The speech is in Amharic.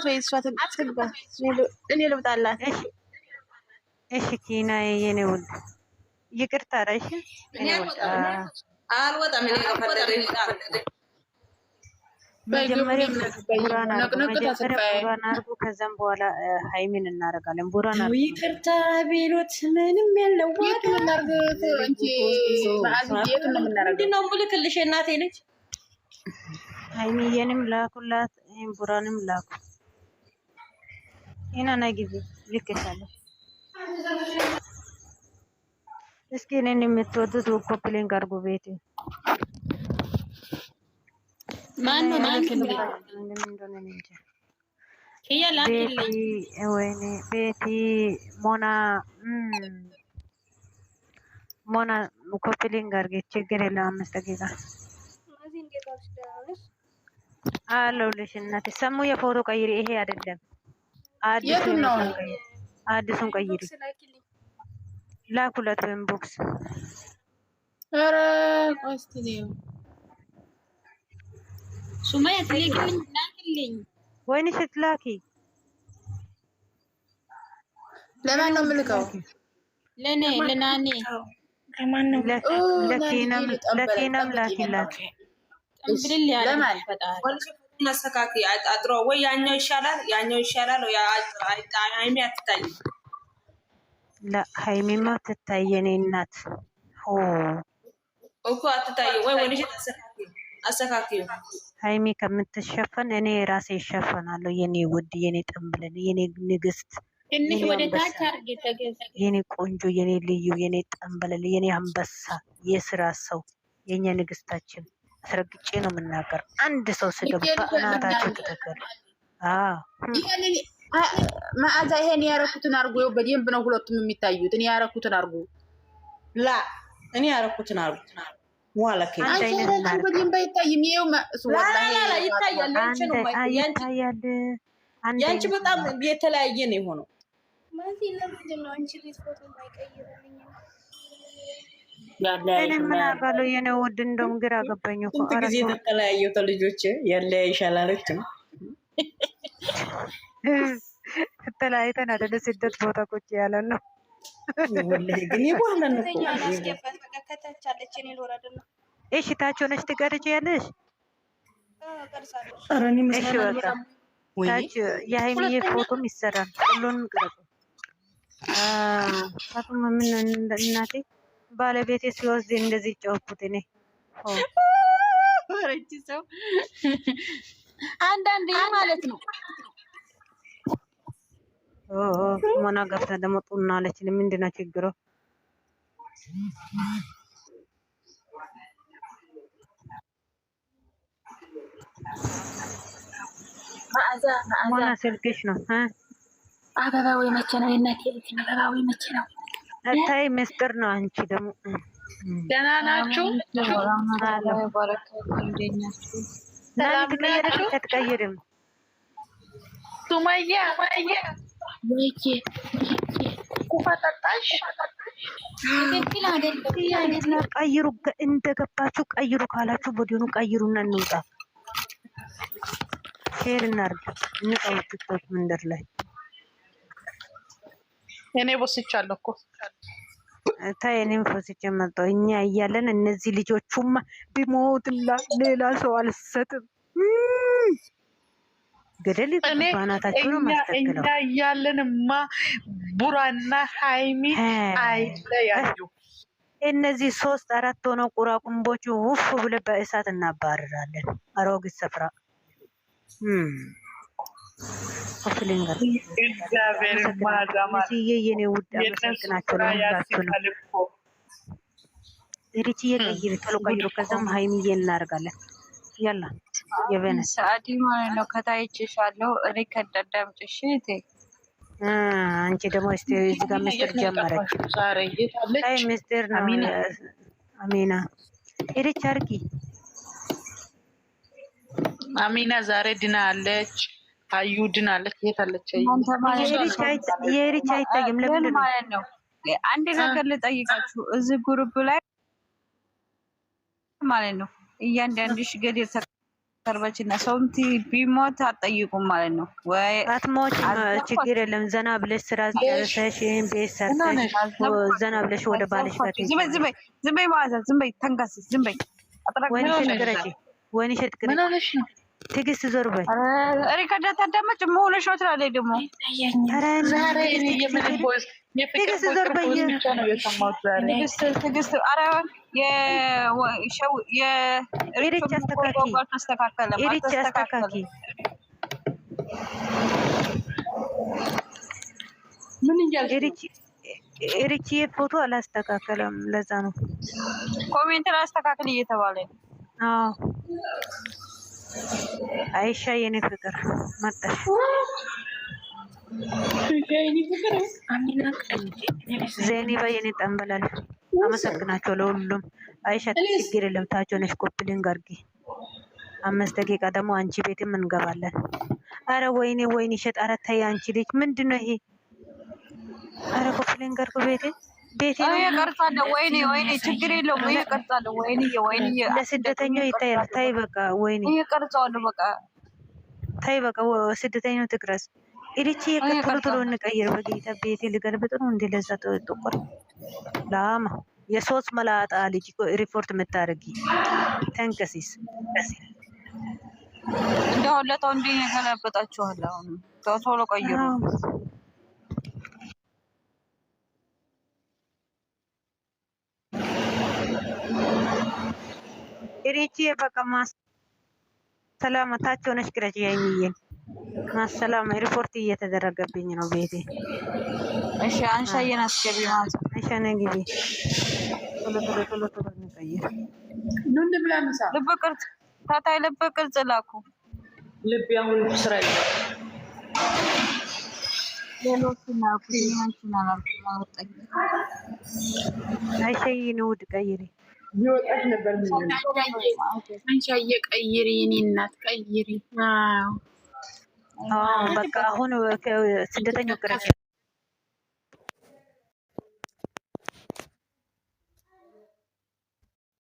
አስገባት ወይ እሷ ትግባት፣ እኔ ልውጣላት። እሺ ኪና የኔ ውድ ይቅርታ ረሽ አልወጣም። ከዛም በኋላ ሀይሚን እናደርጋለን። ቡራን ይቅርታ ቢሉት ምንም ነው እናቴ ነች። ሀይሚዬንም ላኩላት፣ ቡራንም ኢና ናይ ጊዜ ልክሻለሁ። እስኪ እኔን የምትወዱት ኮፕሊንግ አድርጉ። ቤት ማን ቤቲ ሞና ሞና ኮፕሊንግ አድርጌ ችግር የለም። አምስት ደቂቃ አለሁልሽ እናቴ። ሰሙ የፎቶ ቀይሪ፣ ይሄ አይደለም አዲሱን ቀይሪ ላኩለት ቦክስ ወይኔ ስትላኪ ለማን ነው የምልከው? ለኔ ለናኔ ለማን ነው ለኬናም ላኪላት እናስተካክ አጥሮ ወይ ያኛው ይሻላል ያኛው ይሻላል ወይ አትታይ አትታይም። ሃይሚማ አትታይ የኔ እናት እኮ አትታይ። ወይ ወንሽ አስተካክ ሃይሚ ከምትሸፈን እኔ ራሴ ይሸፈናለሁ። የኔ ውድ የኔ ጥንብልን የኔ ንግስት ትንሽ ወደ ታች አርጌ የኔ ቆንጆ የኔ ልዩ የኔ ጠንበለል የኔ አንበሳ የስራ ሰው የኛ ንግስታችን አስረግጬ ነው የምናገር። አንድ ሰው ስድብ በእናታቸው ተተገሉ። መዓዛ ይሄን ያረኩትን አርጉ። ይኸው በደንብ ነው ሁለቱም የሚታዩት። እኔ ያረኩትን አርጉ ላ እኔ ያረኩትን አርጉ በደንብ አይታይም። ይኸው ይታያል። ያንቺ በጣም የተለያየ ነው የሆነው ያለያይምናባለው የኔ ውድ እንደውም ግራ ገባኝ እኮ ስንት ጊዜ ተለያየው ተልጆች ያለያይሻል አለችም። ተለያይተን አይደለ ስደት ቦታ ቁጭ ያለ ነው። እሺ፣ ታች ሆነሽ ትቀርጭ ያለሽ ታች የሀይሚዬ ፎቶም ይሰራል። ሁሉንም ቅረጹ። ምን እናቴ ባለቤቴ ሲወስድ እንደዚህ ጨወኩት እኔ ወረጅ ሰው አንዳንድ ማለት ነው። ሞና ገብታ ደግሞ ጡና አለችን። ምንድን ነው ችግሮ? ሞና ስልክሽ ነው አበባ ወይ መቼ ነው? የእናቴ ልጅ አበባ ወይ መቼ ነው? ታይ ምስጢር ነው። አንቺ ደግሞ ደህና ናችሁ? አትቀይርም። ሱመያ ኩፋ ጠጣሽ? ቀይሩ፣ እንደገባችሁ ቀይሩ ካላችሁ ወዲያውኑ ቀይሩና እንውጣ። መንደር ላይ እኔ ቦስቻለሁ እኮ ታይ እኔም ቦስቼ መጣሁ። እኛ እያለን እነዚህ ልጆቹማ ቢሞትላ ሌላ ሰው አልሰጥም። ገደል ባናታቸው ነው ማስተክለው። እኛ እያለንማ ቡራና ሀይሚ አይለያዩ። እነዚህ ሶስት አራት ሆነው ቁራቁንቦቹ ውፍ ብለ በእሳት እናባርራለን። አሮጊት ስፍራ ውድ አመሰግናቸው ነው ሁላችሁ ነው። ሪችዬ አንቺ ደግሞ እስቲ እዚህ ጋር ምስጢር ጀመረች። አይ ምስጢር ነው። አሚና ሪች አርጊ። አሚና ዛሬ ድና አለች። አዩ ድናለች። የት አለች? የሄደች አይታይም። ለምን ማለት ነው? አንድ ነገር ልጠይቃችሁ። እዚህ ጉሩብ ላይ ማለት ነው እያንዳንድሽ ገደል ተቀርበች እና ሰውምቲ ቢሞት አጠይቁም ማለት ነው ወይ? ችግር የለም። ዘና ብለሽ ስራ ጨርሰሽ ይህን ቤት ሰርተሽ ዘና ብለሽ ወደ ባለሽ ዝም በይ፣ ዝም በይ ማለት ነው። ዝም በይ፣ ተንጋስ፣ ዝም በይ። ወይኔ ሸጥቅረሽ፣ ወይኔ ሸጥቅረሽ ትግስት ዞር በይ። ሪከርድ አታዳመጭ መሆነ ሾት ላይ ደግሞ ትዕግስት ዞር በይ። አስተካኪ ምን እያልሽ ፎቶ አላስተካከለም። ለዛ ነው ኮሜንት ላስተካክል እየተባለ ነው። አይሻ የኔ ፍቅር መጣሽ። ዜኒባ የኔ ጠንበላል። አመሰግናቸው ለሁሉም። አይሻ ችግር የለም ታቸውነሽ ኮፕሊንግ አድርጊ። አምስት ደቂቃ ደግሞ አንቺ ቤትም እንገባለን። አረ ወይኔ ወይኔ ይሸጥ። አረ ተይ አንቺ ልጅ ምንድን ነው ይሄ? አረ ኮፕሊንግ አድርጉ ቤቴ ቤቴ እቀርጻለሁ። ወይኔ ወይኔ፣ ችግር የለውም እቀርጻለሁ። ወይንዬ ወይንዬ፣ ለስደተኛው ይታያል። ታይ በቃ ወይኔ፣ እቀርጻለሁ። በቃ ታይ በቃ፣ ስደተኛው ትቅረጽ። እልቼ ቶሎ ቶሎ እንቀይር። በጌታ ቤቴ ልገልብጥ ነው እንዴ? ለዛ ጥቁር ላማ የሶስት መላጣ ልጅ ሪፖርት የምታደርጊ ተንከሲስ እንዲሁን ለተው እንዲህ ገለበጣችኋል። አሁን ቶሎ ቀይሩ። እኔቺ በቃ ማሰላም ታች ቅረጭ። ያይሚዬ ማሰላም ሪፖርት እየተደረገብኝ ነው ቤቴ። እሺ አንሻዬን አስገቢ ማለት ነው። እሺ ነኝ ቶሎ ቶሎ ቶሎ ቶሎ እንቀይር። ኑን ብላ ምሳ ልብ ቅርጽ ታታይ ልብ ቅርጽ ላኩ። ልብ ያሁን ስራ ይላል ሌሎችን አልኩኝ አንቺን አላልኩም። አወጣኝ አይሸይን ውድ ይወጣሽ ነበር። አንቺዬ ቀይሪ፣ የእኔ እናት ቀይሪ። አዎ በቃ አሁን ቅረሽ